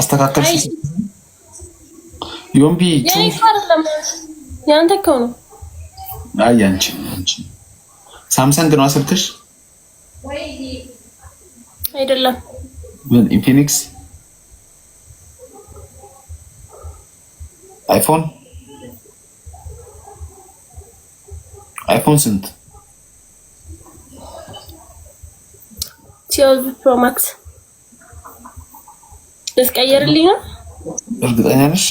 አስተካከል ዮምቢ ያንተ እኮ ነው። አይ አንቺ አንቺ ሳምሰንግ ነው ስልክሽ? አይደለም ምን ኢንፊኒክስ አይፎን አይፎን ስንት ፕሮ ማክስ ልትቀየርልኝ ነው? እርግጠኛ ነሽ?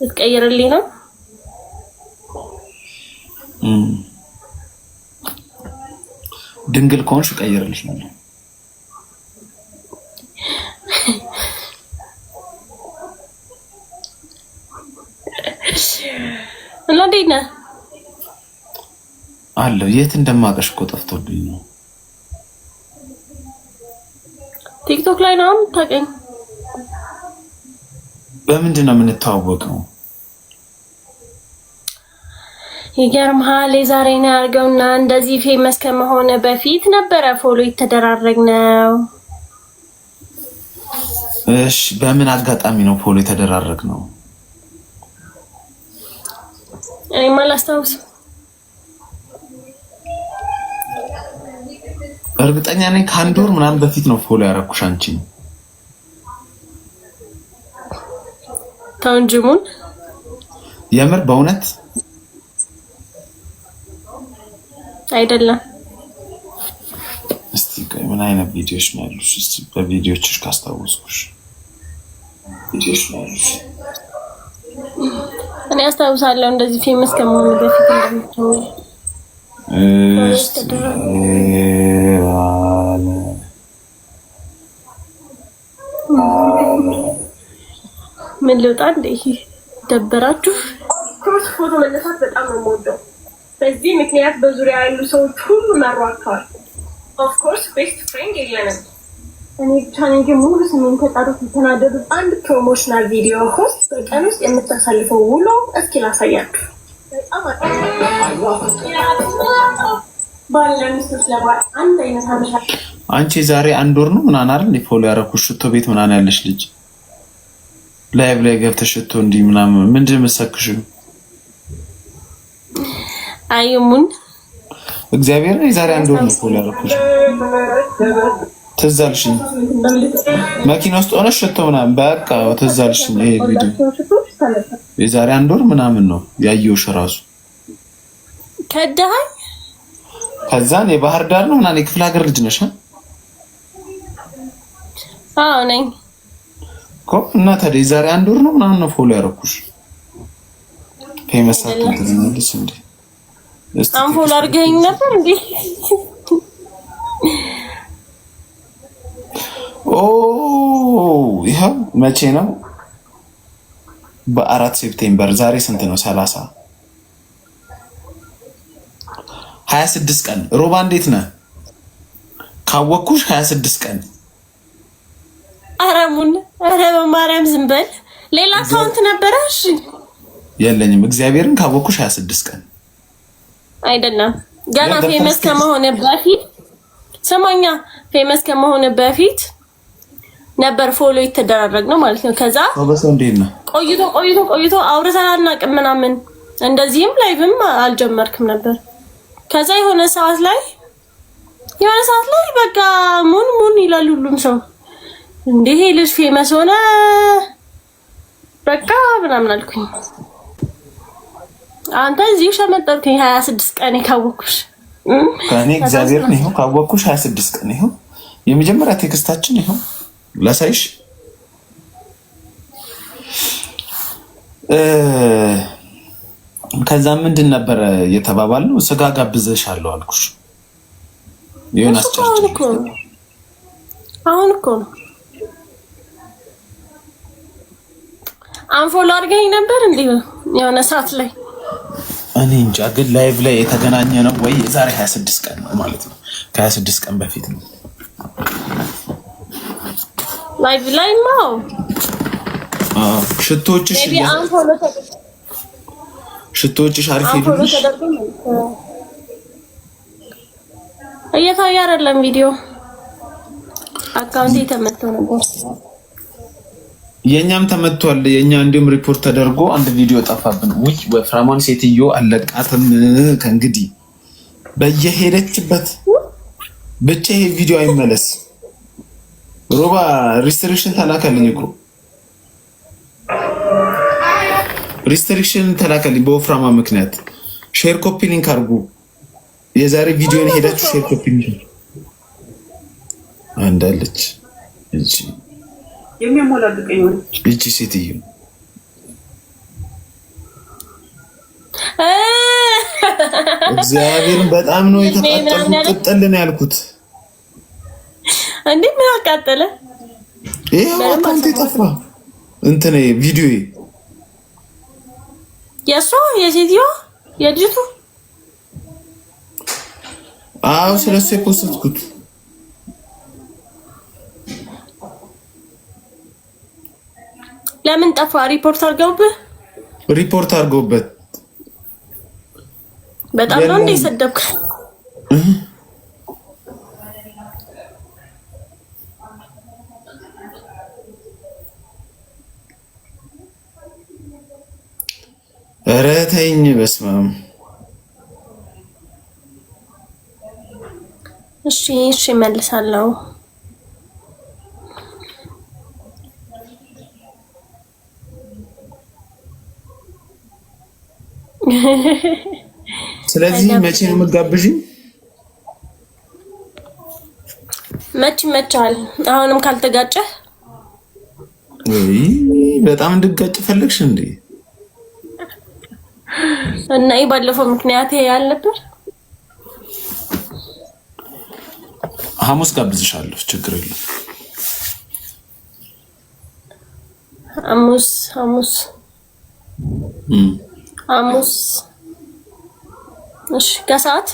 ልትቀየርልኝ ነው? ድንግል ከሆንሽ እቀይርልሽ ነው። እንዴት ነህ? አለው። የት እንደማቀሽ እኮ ጠፍቶብኝ ነው። ቲክቶክ ላይ ነው የምታውቀኝ። በምንድን ነው የምንተዋወቀው? ይገርምሃል። የዛሬን እና እንደዚህ ፌመስ ከመሆነ በፊት ነበረ ፎሎ የተደራረግ ነው። እሺ፣ በምን አጋጣሚ ነው ፎሎ የተደራረግ ነው? እኔማ አላስታውስም። እርግጠኛ ነኝ ከአንድ ወር ምናምን በፊት ነው ፎሎ ያደረኩሽ አንቺን ታንጅሙን የምር በእውነት አይደለም። እስቲ ምን አይነት ቪዲዮች ነው ያሉሽ? እስቲ በቪዲዮችሽ ካስታወስኩሽ ቪዲዮች ነው ያሉሽ? እኔ አስታውሳለሁ እንደዚህ ፌመስ ከመሆኑ በፊት እንደምትሆን ምን ልውጣ እንደ ደበራችሁ። ክሮስ ፎቶ መነሳት በጣም ነው የምወደው። በዚህ ምክንያት በዙሪያ ያሉ ሰዎች ሁሉ መሯቸዋል። ኦፍኮርስ ቤስት ፍሬንድ የለንም። እኔ ብቻ ነኝ። ሙሉ ሰሜን ከጣሮት የተናደዱት አንድ ፕሮሞሽናል ቪዲዮ ሆስት በቀን ውስጥ የምታሳልፈው ውሎ እስኪ ላሳያችሁ። አንቺ ዛሬ አንድ ወር ነው ምናምን አይደል ፎሎ ያደረኩሽ? ሽቶ ቤት ምናምን ያለሽ ልጅ ላይቭ ላይ ገብተሽ ሽቶ እንዲህ ምናምን ምንድን መሰክሽ? አይሙን እግዚአብሔር ነው። የዛሬ አንድ ወር ነው ፎሎ ያደረኩሽ። ትዝ አልሽኝ መኪና ውስጥ ሆነሽ ሽቶ ምናምን በቃ ትዝ አልሽኝ ይሄ ቪዲዮ የዛሬ አንድ ወር ምናምን ነው ያየሁሽ እራሱ ከዳሃኝ። ከዛን የባህር ዳር ነው ምናምን የክፍለ ሀገር ልጅ ነሽ? አዎ ነኝ እኮ እና ታዲያ የዛሬ አንድ ወር ነው ምናምን ነው ፎሎ ያደረኩሽ። ፌመሳት ትዝናለች እንዴ? ፎሎ አድርገኸኝ ነበር እንዴ? ኦ ይኸው መቼ ነው በአራት ሴፕቴምበር ዛሬ ስንት ነው? ሰላሳ ሀያ ስድስት ቀን ሮባ፣ እንዴት ነህ? ካወቅኩሽ ሀያ ስድስት ቀን አረሙን አረ በማርያም ዝም በል። ሌላ አካውንት ነበረሽ? የለኝም። እግዚአብሔርን ካወቅኩሽ ሀያ ስድስት ቀን አይደለም ገና ፌመስ ከመሆነ በፊት ሰማኛ ፌመስ ከመሆነ በፊት ነበር ፎሎ የተደራረግ ነው ማለት ነው። ከዛ ቆይቶ ቆይቶ ቆይቶ አውርተን አናውቅም ምናምን እንደዚህም ላይቭም አልጀመርክም ነበር። ከዛ የሆነ ሰዓት ላይ የሆነ ሰዓት ላይ በቃ ሙን ሙን ይላል ሁሉም ሰው እንዲህ ልጅ ፌመስ ሆነ በቃ ምናምን አልኩኝ። አንተ እዚሁ ሸመጠርኩኝ። ሀያ ስድስት ቀን ካወቅኩሽ ከእኔ እግዚአብሔር ነው ካወቅኩሽ ሀያ ስድስት ቀን ይሁን የመጀመሪያ ቴክስታችን ይሁን ላሳይሽ። ከዛ ምንድን ነበረ የተባባል ነው ስጋ ጋብዘሻለሁ አልኩሽ። ይሁን አስጨርጭ። አሁን እኮ ነው አንፎሎ አድርገኝ ነበር እንዴ? የሆነ ሰዓት ላይ እኔ እንጃ፣ ግን ላይቭ ላይ የተገናኘ ነው ወይ? የዛሬ 26 ቀን ነው ማለት ነው። ከ26 ቀን በፊት ነው ላይቭ ላይ ማው ሽቶዎችሽ ሽቶዎችሽ አሪፍ እየታየ አይደለም። ቪዲዮ አካውንት ተመቶ ነበር። የእኛም ተመቷል። የእኛ እንዲሁም ሪፖርት ተደርጎ አንድ ቪዲዮ ጠፋብን። ውይ ሴትዮ አለቃትም። ከእንግዲህ በየሄደችበት ብቻ ይሄ ቪዲዮ ሮባ ሪስትሪክሽን ተላከልኝ እኮ ሪስትሪክሽን ተላከልኝ በወፍራማ ምክንያት። ሼር ኮፒ ሊንክ አድርጉ። የዛሬ ቪዲዮን ሄዳችሁ ሼር ኮፒ አንዳለች እቺ ሴትዮ እግዚአብሔርን በጣም ነው የተጣጠፉ። ቅጥል ያልኩት እንዴት ምን አቃጠለ? ይሄ አካውንት የጠፋ እንትን ቪዲዮ የእሷ የሴትዮዋ የልጅቱ አዎ፣ ስለሱ የፖስትኩት ለምን ጠፋ? ሪፖርት አድርገውብህ ሪፖርት አርገውበት። በጣም ነው እንደ ሰደብከው ኧረ ተይኝ፣ በስመ አብ። እሺ እሺ፣ መልሳለሁ ስለዚህ መቼ ነው የምትጋብዥኝ? መች መቻል አሁንም ካልተጋጨህ። በጣም እንድጋጭ ፈለግሽ እንዴ? እና ይህ ባለፈው ምክንያት ያልነበር ሐሙስ ጋብዝሻለሁ፣ ችግር የለም። ሐሙስ ሐሙስ ሐሙስ እሺ ከሰዓት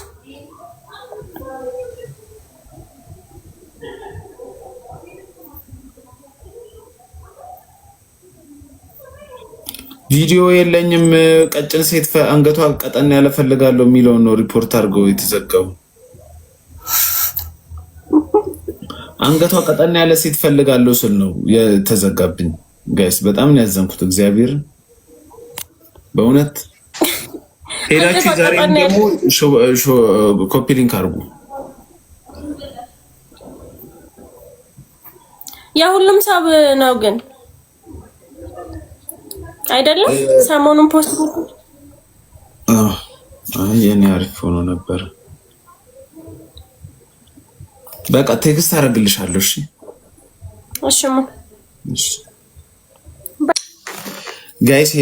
ቪዲዮ የለኝም ቀጭን ሴት አንገቷ ቀጠን ያለ ፈልጋለሁ የሚለውን ነው ሪፖርት አድርገው የተዘገቡ። አንገቷ ቀጠን ያለ ሴት ፈልጋለሁ ስል ነው የተዘጋብኝ። ጋይስ በጣም ነው ያዘንኩት። እግዚአብሔር በእውነት ሄዳችሁ ዛሬ ደግሞ ኮፒ ሊንክ አድርጉ። ሰብ ነው ግን አይደለም ሰሞኑን ፖስት የኔ አሪፍ ሆኖ ነበር። በቃ ቴክስት አደርግልሻለሁ። እሺ እሺ ጋይስ